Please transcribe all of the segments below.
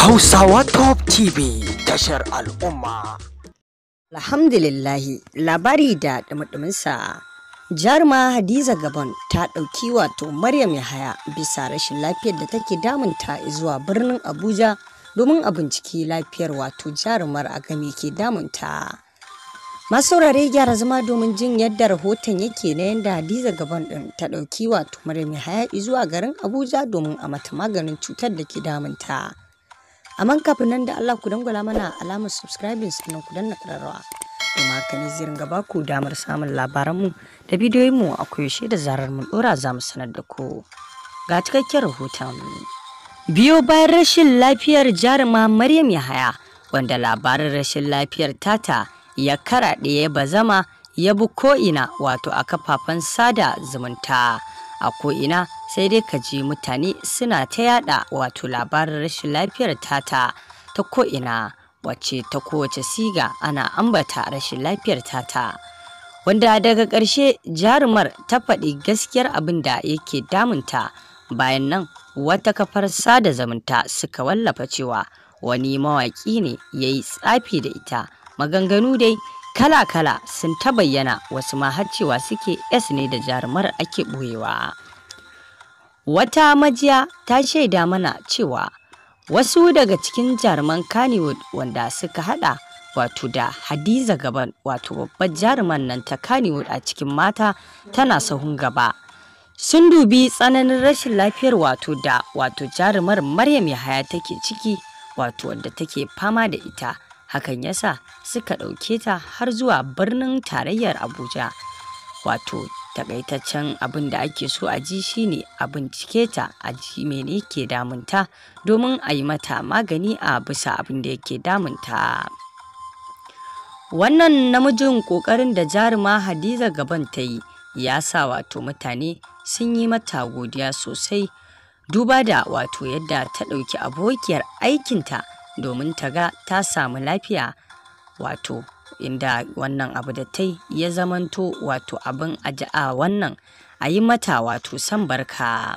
Hausawa Top TV tashar al'umma. Alhamdulillahi labari da dumudumunsa. Jaruma Hadiza Gabon ta ɗauki wato Maryam Yahaya bisa rashin lafiyar da take damunta zuwa birnin Abuja domin a binciki lafiyar wato jarumar a game ke damunta. masaurare gyara zama domin jin yadda rahoton yake na yadda hadiza gaban ɗin ta ɗauki wato maryam Yahaya zuwa garin abuja domin a mata maganin cutar da ke damunta amma kafin nan da Allah ku dangwala mana alamar subscribing sannan ku danna ƙararrawa domin ka ne zai ringa baku damar samun labaranmu da bidiyoyinmu a koyaushe da zarar mun ɗora za mu sanar da ku ga cikakken rahoton biyo bayan rashin lafiyar jaruma Maryam Yahaya wanda labarin rashin lafiyar tata ya karaɗe ya bazama ya bi ko'ina wato a kafafen sada zumunta a ko'ina sai dai ka ji mutane suna ta yada wato labarin rashin lafiyar tata ta ko'ina wace ta kowace siga ana ambata rashin lafiyar tata wanda daga ƙarshe jarumar ta faɗi gaskiyar abin da yake damunta bayan nan wata kafar sada zamunta suka wallafa cewa wani mawaƙi ne ya yi tsafi da ita maganganu dai kala-kala sun ta bayyana wasu ma har cewa suke yas ne da jarumar ake ɓoyewa wata majiya ta shaida mana cewa wasu daga cikin jaruman kannywood wanda suka hada wato da hadiza gaban wato babbar jaruman nan ta kannywood a cikin mata tana sahun gaba sun dubi tsananin rashin lafiyar wato da wato jarumar maryam yahaya take ciki wato wanda take fama da ita hakan yasa suka ɗauke ta har zuwa birnin tarayyar abuja wato takaitaccen abin da ake so a ji shine a bincike ta a ji mene ke damunta domin a yi mata magani a bisa abin da yake damunta wannan namijin kokarin da jaruma hadiza gaban ta yi ya sa wato mutane sun yi mata godiya sosai duba da wato yadda ta ɗauki abokiyar aikinta domin ta ga ta samu lafiya wato inda wannan abu da ta ya zamanto wato abin aji'a wannan a yi mata wato san barka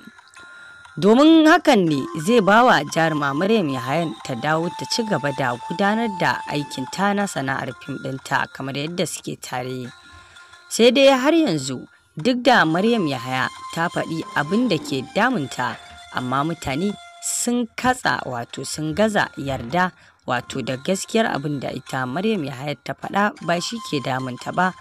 domin hakan ne zai ba bawa jaruma maryam yahayan ta dawo ta ci gaba da gudanar da aikin ta na sana'ar fim ɗinta kamar yadda suke tare sai dai har yanzu duk da maryam yahaya ta faɗi abin da ke damunta amma mutane sun katsa wato sun gaza yarda wato da gaskiyar abin da ita Maryam hayar ta faɗa ba shi ke damunta ba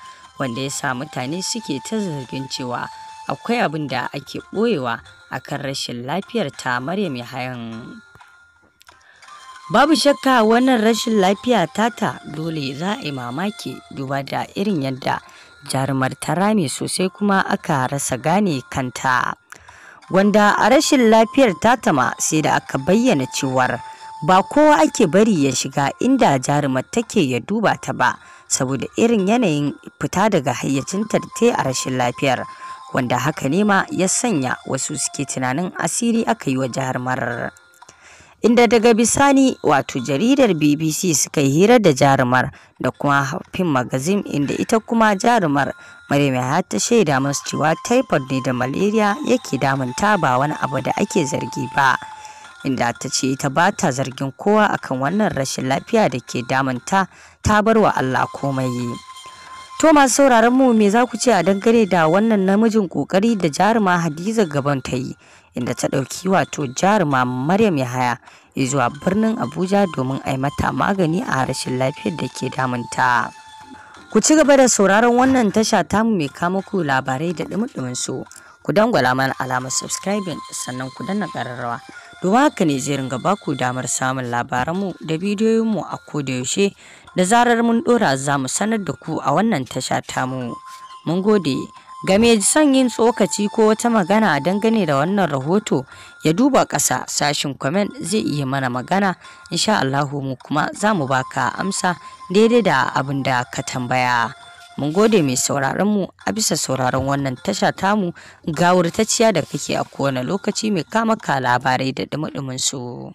wanda ya sa mutane suke ta zargin cewa akwai abin da ake ɓoyewa akan rashin lafiyar ta Maryam Yahayan. Babu shakka wannan rashin lafiya tata dole za a yi mamaki duba da irin yadda jarumar ta rame sosai kuma aka rasa gane kanta. wanda a rashin lafiyar tatama sai da aka bayyana cewar ba kowa ake bari ya shiga inda jarumar take ya duba ta ba saboda irin yanayin fita daga hayyacinta da ta yi a rashin lafiyar wanda haka ne ma ya sanya wasu suke tunanin asiri aka yi wa jarumar. inda daga bisani wato jaridar BBC suka yi hira da jarumar da kuma haifin magazin inda ita kuma jarumar Maryam ya ta shaida masu cewa typhoid ne da malaria yake damunta ba wani abu da ake zargi ba. inda ta ce ita ba ta zargin kowa akan wannan rashin lafiya da ke damunta ta bar wa Allah komai. To masu sauraron mu me za ku ce a dangane da wannan namijin kokari da jaruma Hadiza gaban ta yi inda ta ɗauki wato jaruma Maryam Yahaya zuwa birnin Abuja domin a mata magani a rashin lafiyar da ke damunta. Ku ci gaba da sauraron wannan tasha tamu mai kama ku labarai da dumin su. Ku dangwala mana alamar subscribing sannan ku danna ƙararrawa. Domin haka ne zai ringa baku damar samun labaranmu da bidiyoyinmu a kodayaushe. da zarar mun dora za mu sanar da ku a wannan tasha tamu mun gode game son yin tsokaci ko wata magana dangane da wannan rahoto ya duba ƙasa sashin kwamen zai iya mana magana insha Allahu mu kuma za mu baka amsa daidai da abin da ka tambaya mun gode mai sauraron mu a bisa sauraron wannan tasha tamu gawurtacciya da kake a kowane lokaci mai kama ka labarai da dumudumin su